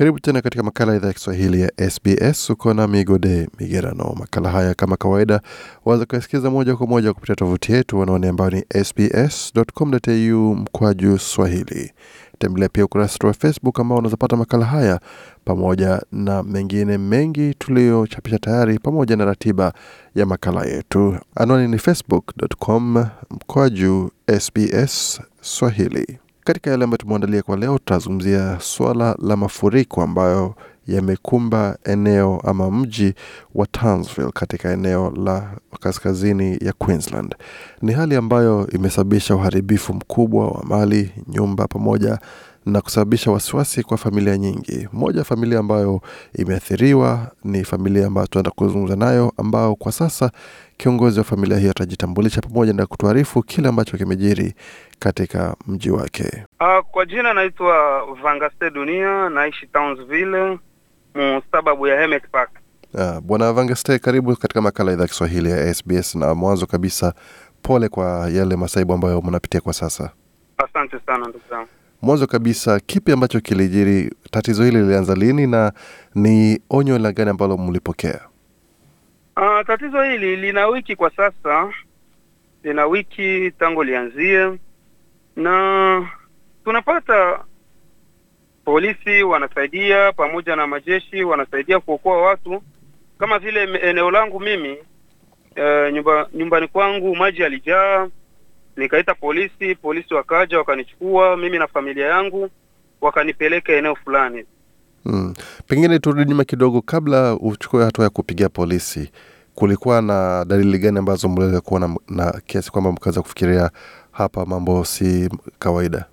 Karibu tena katika makala ya idhaa ya Kiswahili ya SBS. Uko na Migode Migerano. Makala haya kama kawaida waweza kuyasikiliza moja kwa moja kupitia tovuti yetu wanaone ambayo ni sbs.com.au mkwaju swahili. Tembelea pia ukurasa wetu wa Facebook ambao unazopata makala haya pamoja na mengine mengi tuliyochapisha tayari pamoja na ratiba ya makala yetu. Anwani ni facebook.com mkwaju sbs swahili katika yale ambayo tumeandalia kwa leo, tutazungumzia swala la mafuriko ambayo yamekumba eneo ama mji wa Townsville katika eneo la kaskazini ya Queensland. Ni hali ambayo imesababisha uharibifu mkubwa wa mali, nyumba pamoja na kusababisha wasiwasi kwa familia nyingi. Moja familia ambayo imeathiriwa ni familia ambayo tunaenda kuzungumza nayo, ambao kwa sasa kiongozi wa familia hiyo atajitambulisha pamoja na kutuarifu kile ambacho kimejiri katika mji wake. Uh, kwa jina naitwa Vangaste Dunia, naishi Townsville mustababu ya Hemet Park. Uh, Bwana Vangaste, karibu katika makala idhaa Kiswahili ya SBS, na mwanzo kabisa pole kwa yale masaibu ambayo mnapitia kwa sasa. Asante sana ndugu zangu. Mwanzo kabisa, kipi ambacho kilijiri? Tatizo hili lilianza lini na ni onyo la gani ambalo mlipokea? Uh, tatizo hili lina wiki kwa sasa, lina wiki tangu lianzie, na tunapata polisi wanasaidia pamoja na majeshi wanasaidia kuokoa watu. Kama vile eneo langu mimi, uh, nyumba, nyumbani kwangu maji yalijaa nikaita polisi, polisi wakaja wakanichukua mimi na familia yangu wakanipeleka eneo fulani. Mm. Pengine turudi nyuma kidogo, kabla uchukue hatua ya kupigia polisi, kulikuwa na dalili gani ambazo mliweza kuona na, kiasi kwamba mkaweza kufikiria hapa mambo si kawaida?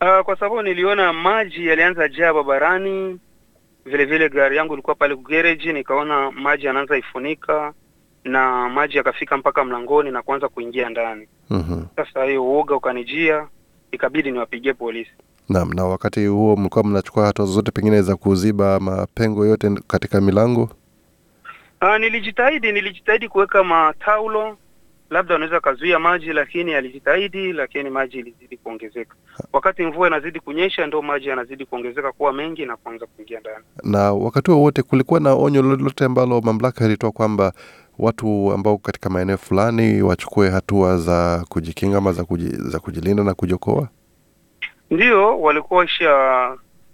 Uh, kwa sababu niliona maji yalianza jaa barabarani, vilevile gari yangu ilikuwa pale kugereji, nikaona maji yanaanza ifunika na maji yakafika mpaka mlangoni na kuanza kuingia ndani mm -hmm. Sasa hiyo uoga ukanijia, ikabidi niwapigie polisi. Naam. Na wakati huo mlikuwa mnachukua hatua zozote pengine za kuziba mapengo yote katika milango? Ah, nilijitahidi nilijitahidi kuweka mataulo labda unaweza kazuia maji, lakini alijitahidi, lakini maji ilizidi kuongezeka. Wakati mvua inazidi kunyesha, ndio maji yanazidi kuongezeka kuwa mengi na kuanza kuingia ndani. Na wakati wowote wote kulikuwa na onyo lolote ambalo mamlaka ilitoa kwamba watu ambao katika maeneo fulani wachukue hatua za kujikinga ama za, kuji, za kujilinda na kujiokoa? Ndio, walikuwa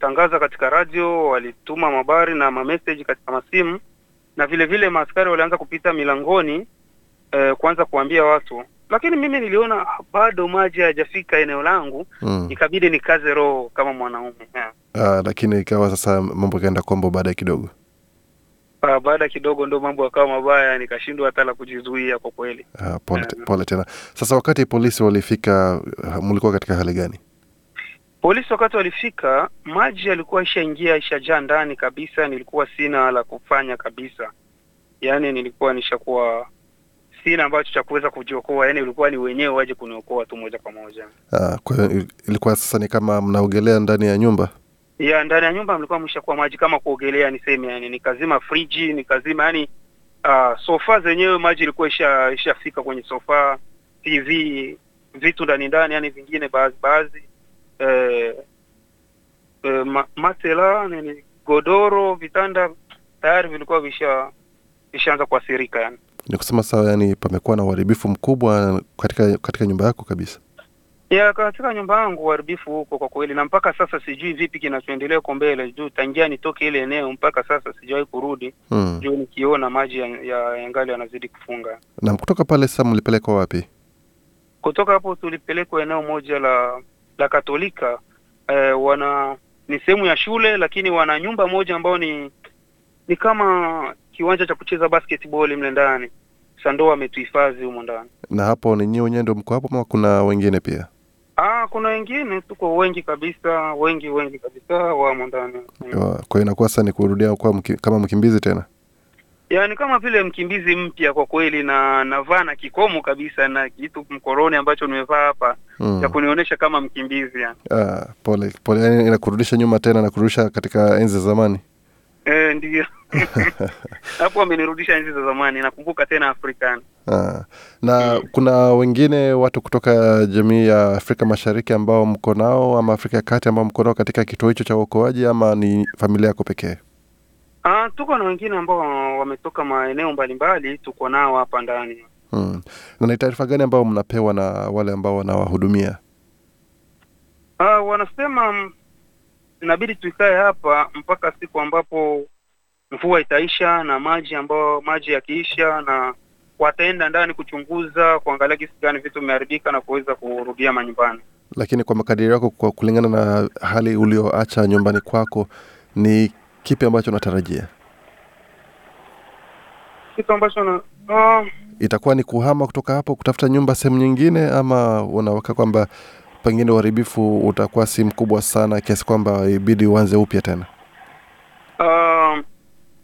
tangaza katika radio, walituma mabari na mameseji katika masimu, na vile vile maaskari walianza kupita milangoni eh, kuanza kuambia watu, lakini mimi niliona bado maji hayajafika eneo langu mm. Ikabidi nikaze roho kama mwanaume yeah. Aa, ah, lakini ikawa sasa mambo ikaenda kombo baadaye kidogo Ah, baada kidogo ndo mambo yakawa mabaya, nikashindwa hata la kujizuia kwa kweli. Uh, pole, pole tena. Sasa wakati polisi walifika, ah, mlikuwa katika hali gani? Polisi wakati walifika, maji yalikuwa ishaingia ishajaa ndani kabisa, nilikuwa sina la kufanya kabisa, yaani nilikuwa nishakuwa sina ambacho cha kuweza kujiokoa, yani ulikuwa ni wenyewe waje kuniokoa tu moja kwa moja. Uh, kwa ilikuwa sasa ni kama mnaogelea ndani ya nyumba ya ndani ya nyumba mlikuwa mlishakuwa maji kama kuogelea, niseme yani, nikazima friji nikazima yani uh, sofa zenyewe maji ilikuwa isha ishafika kwenye sofa, TV, vitu ndani ndani yani vingine baadhi baadhi eh, eh, ma, matela nini, godoro, vitanda tayari vilikuwa visha vishaanza kuathirika yani. Ni kusema sawa, yani pamekuwa na uharibifu mkubwa katika katika nyumba yako kabisa. Ya, katika nyumba yangu uharibifu huko kwa kweli, na mpaka sasa sijui vipi kinachoendelea huko mbele juu tangia nitoke ile eneo mpaka sasa sijawahi kurudi hmm. juu nikiona maji ya, ya ngali yanazidi kufunga. Na kutoka pale sasa mlipelekwa wapi? Kutoka hapo tulipelekwa eneo moja la la Katolika eh, wana ni sehemu ya shule lakini wana nyumba moja ambayo ni ni kama kiwanja cha kucheza basketball mle ndani. sando wametuhifadhi humo ndani. Na hapo ni nyinyi wenyewe ndio mko hapo kuna wengine pia? Ah, kuna wengine tuko wengi kabisa, wengi wengi kabisa wamo ndani. Kwa hiyo inakuwa sasa ni kurudia kwa mki, kama mkimbizi tena, yaani kama vile mkimbizi mpya kwa kweli, na navaa na kikomo kabisa na kitu mkoroni ambacho nimevaa hapa mm, kunionyesha kama mkimbizi yani. Ah, pole pole, inakurudisha nyuma tena na katika enzi zamani. Eh, ndio. Hapo wamenirudisha nchi za zamani, nakumbuka tena african Ah, na mm. kuna wengine watu kutoka jamii ya Afrika Mashariki ambao mko nao ama Afrika ya Kati ambao mko nao katika kituo hicho cha uokoaji ama ni familia yako pekee? Ah, tuko na wengine ambao wametoka maeneo mbalimbali, tuko nao hapa ndani. Mm. Na ni taarifa gani ambao mnapewa na wale ambao wanawahudumia? Ah, wanasema inabidi tuikae hapa mpaka siku ambapo mvua itaisha na maji ambayo maji yakiisha, na wataenda ndani kuchunguza, kuangalia kisi gani vitu vimeharibika na kuweza kurudia manyumbani. Lakini kwa makadirio yako, kwa kulingana na hali ulioacha nyumbani kwako, ni kipi ambacho unatarajia kitu ambacho na uh, itakuwa ni kuhama kutoka hapo kutafuta nyumba sehemu nyingine, ama unaweka kwamba pengine uharibifu utakuwa si mkubwa sana kiasi kwamba ibidi uanze upya tena? Um,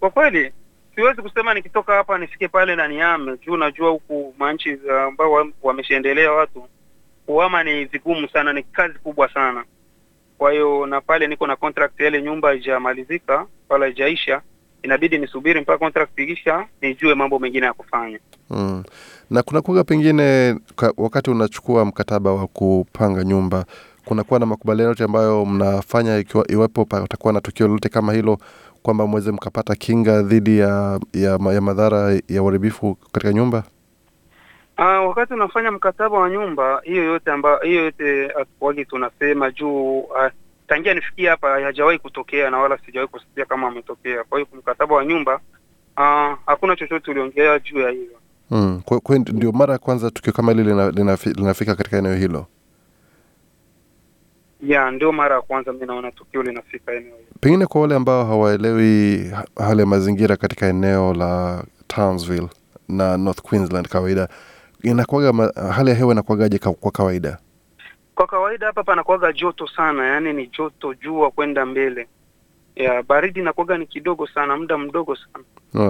kwa kweli siwezi kusema nikitoka hapa nifike pale na niame juu, najua huku manchi ambao wameshaendelea watu kuama ni vigumu sana, ni kazi kubwa sana. Kwa hiyo na pale niko na contract, ile nyumba ijamalizika wala ijaisha inabidi nisubiri mpaka contract iisha nijue mambo mengine ya kufanya. Mm. Na kunakuwa pengine wakati unachukua mkataba wa kupanga nyumba kunakuwa na makubaliano yote ambayo mnafanya ikiwa, iwapo patakuwa na tukio lolote kama hilo kwamba mweze mkapata kinga dhidi ya, ya, ya madhara ya uharibifu katika nyumba? Uh, wakati unafanya mkataba wa nyumba hiyo yote ambayo hiyo yote tunasema juu ah, tangia nifikia hapa hajawahi kutokea na wala sijawahi kusikia kama ametokea. Kwa hiyo mkataba wa nyumba uh, hakuna chochote uliongea juu ya hilo. Mm, kwa, ndio mara ya kwanza tukio kama hili lina, lina, linafika katika eneo hilo ya ndio mara ya kwanza mi naona tukio linafika eneo hilo. Pengine kwa wale ambao hawaelewi hali ya mazingira katika eneo la Townsville na North Queensland, kawaida inakuwaga hali ya hewa inakuwagaje kwa kawaida? Kwa kawaida hapa panakuwaga joto sana, yani ni joto jua kwenda mbele ya baridi inakuwaga ni kidogo sana, muda mdogo sana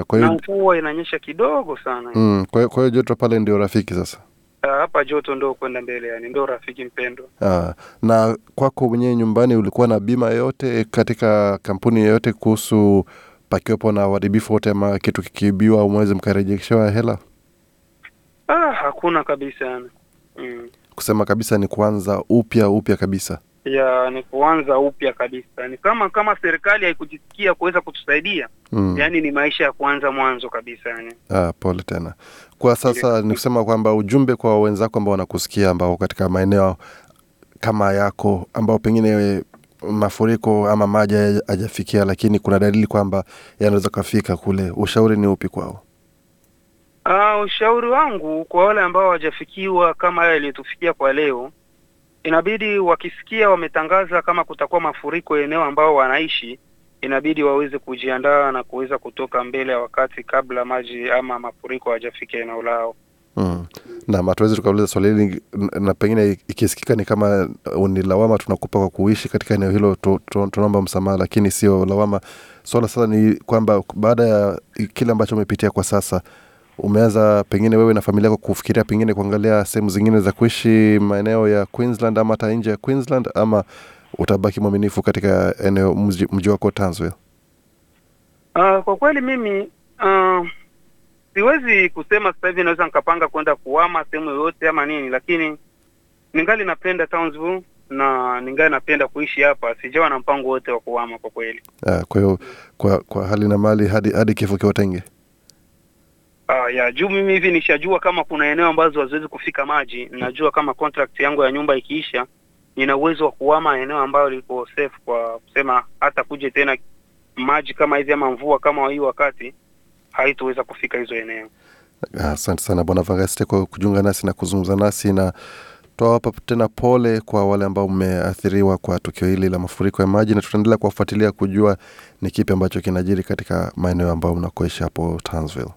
oh, na mvua inanyesha kidogo sana mm. Kwa hiyo joto pale ndio rafiki sasa. Ah, hapa joto ndo kwenda mbele, yani ndo rafiki mpendwa. Ah, na kwako mwenyewe nyumbani ulikuwa na bima yoyote eh, katika kampuni yoyote kuhusu pakiwepo na uharibifu wote ama kitu kikiibiwa au mwezi mkarejeshewa hela? Ah, hakuna kabisa yani mm kusema kabisa ni kuanza upya upya kabisa ya ni kuanza upya kabisa. Ni kama kama serikali haikujisikia kuweza kutusaidia mm. Yani ni maisha ya kuanza mwanzo kabisa yani. Ah, pole tena kwa sasa yeah. Ni kusema kwamba ujumbe kwa wenzako ambao wanakusikia ambao katika maeneo kama yako ambao pengine mafuriko ama maji hajafikia, lakini kuna dalili kwamba yanaweza kafika kule, ushauri ni upi kwao? Uh, ushauri wangu kwa wale ambao hawajafikiwa kama haya yaliyotufikia kwa leo, inabidi wakisikia wametangaza kama kutakuwa mafuriko eneo ambao wanaishi, inabidi waweze kujiandaa na kuweza kutoka mbele ya wakati kabla maji ama mafuriko hajafika eneo lao. Mm. Na hatuwezi tukauliza swali hili na pengine ikisikika ni kama uh, ni lawama tunakupa kwa kuishi katika eneo hilo, tunaomba msamaha, lakini sio lawama. Swala sasa ni kwamba baada ya kile ambacho umepitia kwa sasa umeanza pengine wewe na familia yako kufikiria pengine kuangalia sehemu zingine za kuishi maeneo ya Queensland ama hata nje ya Queensland ama utabaki mwaminifu katika eneo mji, wako Townsville? Uh, kwa kweli mimi uh, siwezi kusema sasa hivi naweza nikapanga kwenda kuama sehemu yoyote ama nini, lakini ningali napenda Townsville na ningali napenda kuishi hapa. Sijawa na mpango wote wa kuama kwa kweli. Uh, kwa hiyo kwa, kwa hali na mali hadi, hadi kifo kiwatenge. Uh, ya juu mimi hivi nishajua kama kuna eneo ambazo haziwezi kufika maji. Najua kama contract yangu ya nyumba ikiisha, nina uwezo wa kuhama eneo ambayo liko safe, kwa kusema hata kuje tena maji kama hivi ama mvua kama hii wakati haitoweza kufika hizo eneo. Asante sana Bwana Vangaste kwa kujiunga nasi na kuzungumza nasi na twawapa tena pole kwa wale ambao mmeathiriwa kwa tukio hili la mafuriko ya maji, na tutaendelea kuwafuatilia kujua ni kipi ambacho kinajiri katika maeneo ambayo mnakoishi hapo Townsville.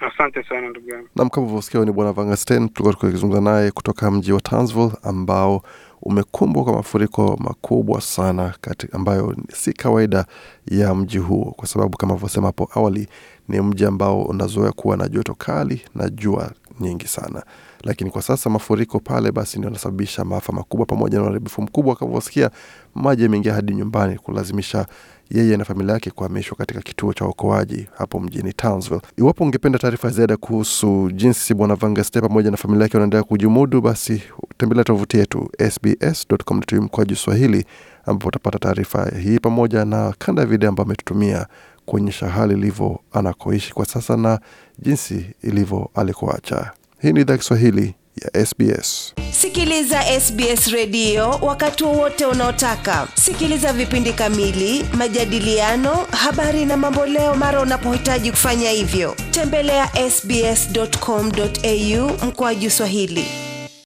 Asante sana ndugu yangu. Nam, kama vyosikia ni Bwana Vangasten, tulikuwa tukizungumza naye kutoka mji wa Townsville ambao umekumbwa kwa mafuriko makubwa sana kati, ambayo si kawaida ya mji huo, kwa sababu kama vyosema hapo awali, ni mji ambao unazoea kuwa na joto kali na jua nyingi sana. Lakini kwa sasa mafuriko pale basi ndio yanasababisha maafa makubwa pamoja na uharibifu mkubwa. Akavyosikia maji yameingia hadi nyumbani, kulazimisha yeye na familia yake kuhamishwa katika kituo cha uokoaji hapo mjini Townsville. Iwapo ungependa taarifa ziada kuhusu jinsi bwana Vangaste pamoja na familia yake wanaendelea kujimudu, basi tembelea tovuti yetu sbs.com.au Swahili, ambapo utapata taarifa hii pamoja na kanda ya video ambayo ametutumia kuonyesha hali ilivyo anakoishi kwa sasa na jinsi ilivyo alikoacha. Hii ni idhaa Kiswahili ya SBS. Sikiliza SBS redio wakati wowote unaotaka. Sikiliza vipindi kamili, majadiliano, habari na mambo leo mara unapohitaji kufanya hivyo. Tembelea ya sbs.com.au mkoaju Swahili.